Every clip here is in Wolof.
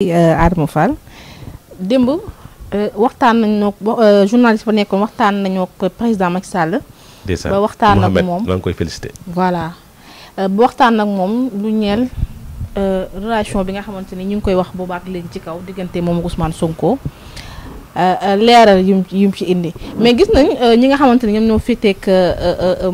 Euh, Adama Fall démb euh, waxtaan nañoo euh, journaliste ba nekkoon waxtaan nañoo ak président Macky Sall. ba waxtaan ak moom maa ngi voilà bu waxtaan ak moom lu ñeel relation bi nga xamante ne ñu ngi koy wax boobaak léegi ci kaw diggante moom ak Ousmane Sonko. Euh, euh, leeral yum yum ci indi mais gis nañ euh, ñi nga xamante ne ñoom ñoo féeteeg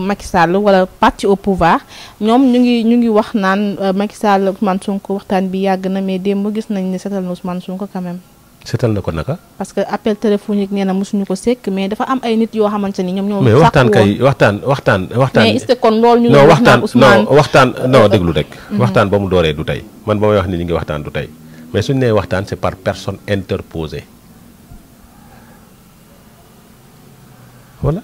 Macky Sall wala parti au pouvoir ñoom ñu ngi ñu ngi wax naan Macky Sall Ousmane Sonko waxtaan bi yàgg na mais démb gis nañ ne seetal na Ousmane Sonko quand même. seetal na ko naka. parce que appel téléphonique nee na mosuñu ko sekk mais dafa am ay nit yoo xamante ni ñoom ñoo. mais waxtaan kay waxtaan waxtaan waxtaan. mais est-ce kon loolu ñu ngi wax naan Ousmane non waxtaan non déglu rek. waxtaan mm-hmm. ba mu dooree du tey man ba may wax ni ñu ngi waxtaan du waxtaan c'est par personne interposée. voilà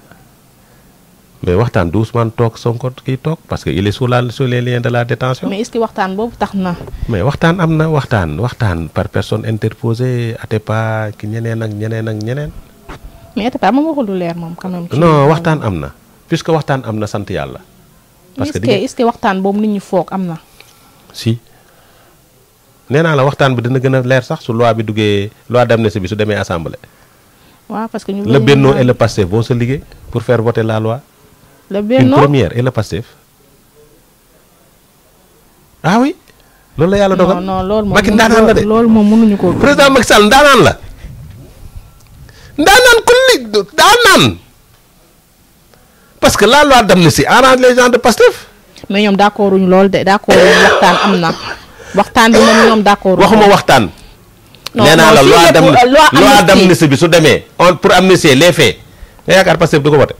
mais waxtaan du Ousmane toog Sonko kii toog parce que il est sous la sous les liens de la détention mais est-ce que waxtaan boobu tax na. mais waxtaan am na waxtaan waxtaan par personne interposée Atepa ki ñeneen ak ñeneen ak ñeneen. mais Atepa moom leer moom quand même. non am na puisque waxtaan am na sant yàlla. parce que est-ce que waxtaan boobu nit ñi foog am na. si nee naa la waxtaan bi dana gën a leer sax su loi bi duggee loi d'amnistie bi su demee assemblée. waaw parce que ñu le Benno et le Pastef vont se liguer pour faire voter la loi. le Benno et le Pastef. ah oui. loolu la yàlla dogal non non loolu moom Macky ndaanaan la de loolu moom mënuñu ko. président Macky Sall ndaanaan la. parce que la loi d'amnistie arrange les gens de Pastef. mais ñoom d'accorduñu lool de d'accord waxtaan am na waxtaan bi moom ñoom d'accord. waxuma waxtaan. nee naa la loi dam euh, loi bi su demee on pour amnistier les faits nga yaakaar Pastef du ko voté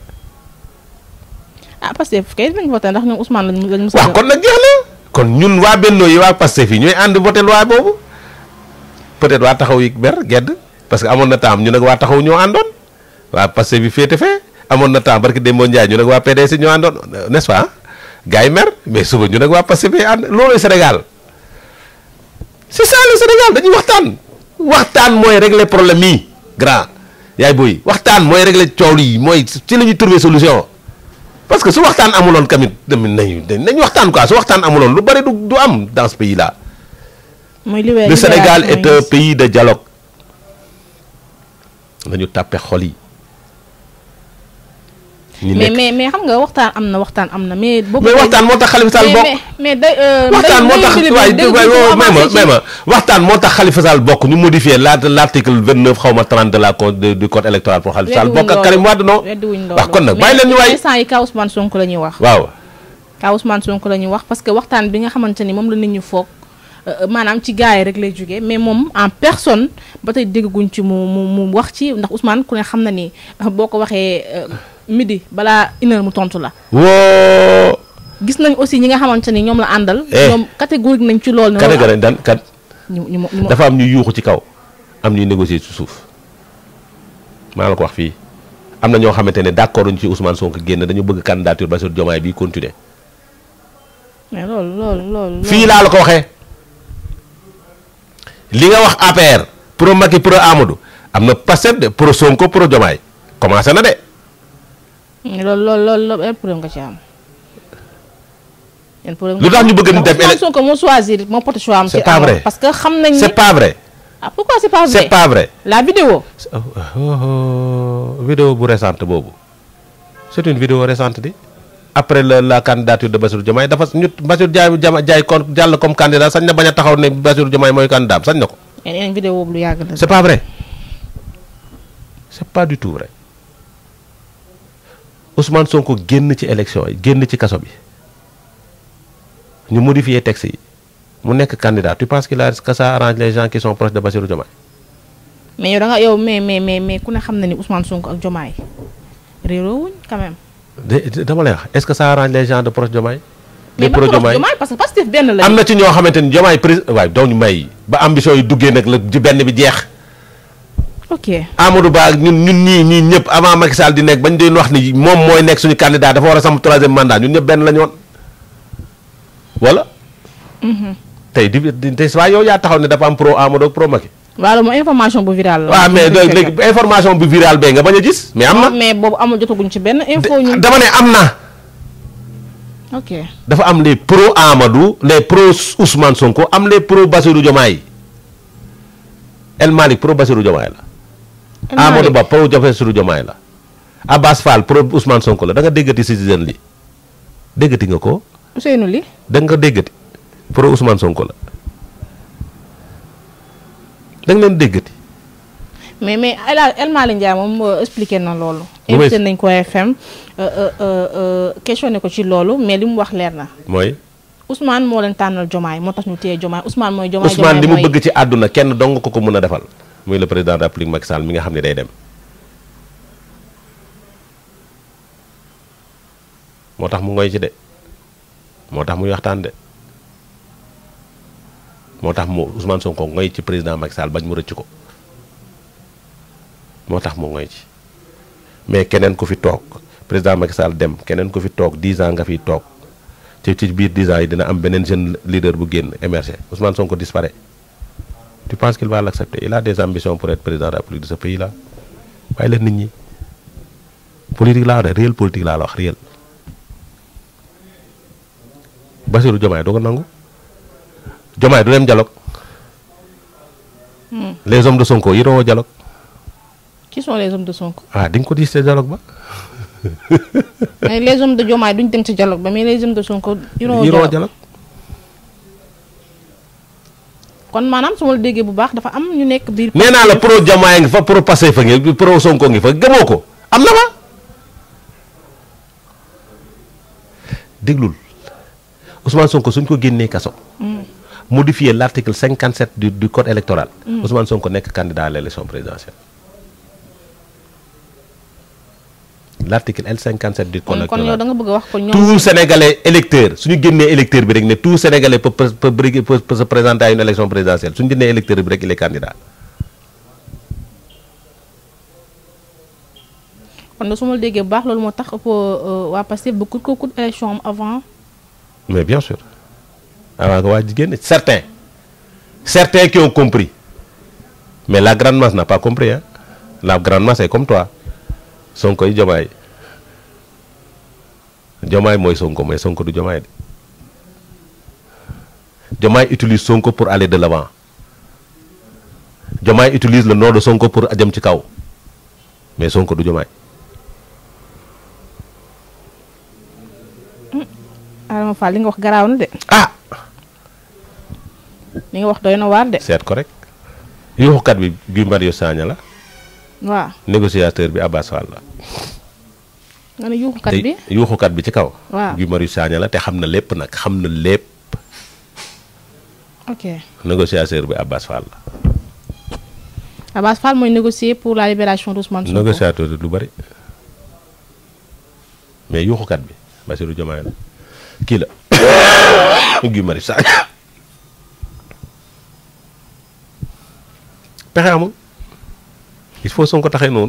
ah Pastef kay dinañ voté ndax ñoom Ousmane lañ lañ waaw kon ñun waa Bennoo yi waa Pastef yi ñooy ànd voté loi boobu peut-être waa taxaw yi ber gedd parce que amoon na temps ñu nag waa taxaw ñoo àndoon waa Pastef bi féete fee amoon na temps barki Demba Ndiaye ñu nag waa PDS ñoo àndoon n'est-ce pas mer mais suba ñu nag waa Pastef ànd loolu Sénégal c'est ça Sénégal dañuy waxtaan waxtaan mooy régler problème yi grand yaay booy waxtaan mooy régler coow yi mooy ci la ñuy trouver solution parce que su waxtaan amuloon tamit nañu nañu waxtaan quoi su waxtaan amuloon lu bari du am dans ce pays là. mooy li le Sénégal est un pays de dialogue nañu tàppe xol yi. mais mais mais xam nga waxtaan am na waxtaan am na mais. boobu mais waxtaan moo tax Khalifa Sall bokk. mais euh, day waxtaan moo tax waay may ma waxtaan moo tax Khalifa Sall bokk ñu modifié la l'article vingt neuf xaw ma trente de la code du code électoral pour Khalifa Sall bokk ak Karim Wade non. wax kon nag bàyyi leen ñu waay instant yi ka Ousmane Sonko la ñuy wax. waaw ka Ousmane Sonko la ñuy wax parce que waxtaan bi nga xamante ni moom la nit ñu foog. Euh, euh, maanaam ci gars yi rek lay jógee mais moom en personne ba tey dégguñ ci mu mu mu wax ci ndax Ousmane ku ne xam na ni boo ko waxee midi balaa une heure mu tontu la. woo. gis nañ aussi ñi nga xamante ni ñoom la àndal. Eh. ñoom catégorique nañ ci lool. catégorique daan kat. ñu dafa am ñuy yuuxu ci kaw am ñuy négocier ci suuf maa la ko wax fii am na ñoo xamante ne d'accord uñ ci Ousmane Sonko génn dañu bëgg candidature Bassirou Diomaye bi continuer. mais loolu loolu fii laa la ko waxee li nga wax APR pro Macky a Amadou am na Pastef de pro Sonko pro Diomaye commencé na de. Mm, loolu loolu loolu yan problème nga ci am. yan problème lu tax ñu bëgg def. éle Sonko moo moo porté choix am. c'est vrai parce que xam nañ ni c'est pas vrai. ah pourquoi c'est pas vrai la vidéo. Oh, oh, oh. vidéo bu récente boobu c'est une vidéo récente di. après la la candidature de Bassirou Diomaye dafa ñu Bassirou Diaye Diaye kon jàll comme candidat sañ na bañ a taxaw ne Bassirou Diomaye mooy candidat sañ na ko. mais vidéo boobu lu yàgg la. c'est pas vrai c'est pas du tout vrai. Ousmane Sonko génn ci élection yi génn ci kaso bi ñu modifier texte yi mu nekk candidat tu penses qu'il a que ça arrange les gens qui sont proches de Bassirou Diomaye. mais yow mais mais ku ne xam na ni Ousmane Sonko ak Diomaye réeroo wuñ quand même. de dama lay wax est-ce que ça de proche Diomaye. mais ba proche parce que Pastef benn la. am na ci ñoo xamante ni Diomaye président waaye dooñu may ba ambition yi duggee nag la benn bi jeex. ok baa Ba ñun ñun ñii ñii ñëpp avant Macky Sall di nekk bañ doon wax ni moom mooy nekk suñu candidat dafa war a samp troisième mandat ñun ñëpp benn la ñu woon wala. Mhm. tey di tey saa yow yaa taxaw ne dafa am pro Amadou ak pro Macky. waaw information bu virale la. waaw mais léegi information nga bañ a mais am na ah, mais boobu amul ci benn info. ñu ne am na. dafa am les pro Amadou les pro Ousmane am les pro Bassirou Diomaye El la. Amadou Ba pour Bassirou Diomaye la Abass Fall pour Ousmane Sonko la danga nga déggati Citizen li déggati nga ko. Ousseynou li da nga ko déggati pour Sonko la da leen déggati. mais mais El Malick Ndiaye moom expliqué na loolu. invité nañ ko FM euh, euh, euh, questionné ko ci loolu mais li mu wax leer na. mooy. Ousmane moo leen tànnal Diomaye moo tax ñu téye Diomaye Ousmane mooy. Diomaye Ousmane li mu bëgg ci àdduna kenn dong ko ko mën a defal. muy la président de la République Macky mi nga xam ne day dem moo tax mu ngoy ci de moo tax mu waxtaan de moo tax mu Ousmane Sonko ngoy ci président Macky Sall bañ mu rëcc ko moo tax mu ngoy ci mais keneen ku fi toog président Macky dem keneen ku fi toog 10 ans nga fiy toog ci ci biir 10 ans yi dina am beneen jeune leader bu génn émerger Ousmane Sonko dispare tu penses qu'il va l'accepter il a des ambitions pour être président de la République de ce pays là bàyyi leen nit ñi politique laa wax réel politique laa doo ko nangu Diomaye du dem dialogue hmm. les hommes de Sonko yi doon dialogue qui sont les hommes de ah, ko diis ca dialogue ba mais les hommes de Diomaye duñ dem ca dialogue ba mais les hommes de Sonko yi kon maanaam su ma déggee bu baax dafa am ñu nekk biir. nee naa la pro Diomaye ngi fa pro Pastef fa ngi pro Sonko ngi fa gëmoo ko am na fa. déglul Ousmane Sonko suñ ko génnee kaso. Mm. modifier l' article cinquante sept du du code électoral. Mm. Ousmane Sonko nekk candidat à présidentielle. l' article L57 du code électoral kon yow da nga a wax ko ñoom tout sénégalais électeur bi rek ne tout sénégalais peut peut se présenter à une élection présidentielle suñu su ma déggee baax loolu moo tax euh, waa Pastef ba kut ko kut élection am avant. mais bien waa ji génne certains certains qui mais la grande n'a pas compris la grande masse est comme toi Sonko yi Diomaye Diomaye mooy Sonko mais Sonko du Diomaye de Diomaye utilise Sonko pour aller de l'avant Diomaye utilise la nom de Sonko pour jëm ci kaw mais Sonko du Diomaye. Hmm. Adama Fall li nga wax garaaw na de. ah. li nga wax doy na waar de. seet ko rek yuuxukat bi Guy Marius Sagna la. waaw négociateur bi Abass la. nga ne yuuxukat bi yuuxukat bi ci kaw. waaw Guy Marius la te xam na lépp nag xam na lépp. ok négociateur bi Abbas Fall la. Abbas Fall mooy négocier pour la libération d'Ousmane Sonko. négociateur lu bari mais yuuxukat bi Bassirou Diomaye la kii la Guy Marius Sagna pexe amul il faut Sonko taxee noonu.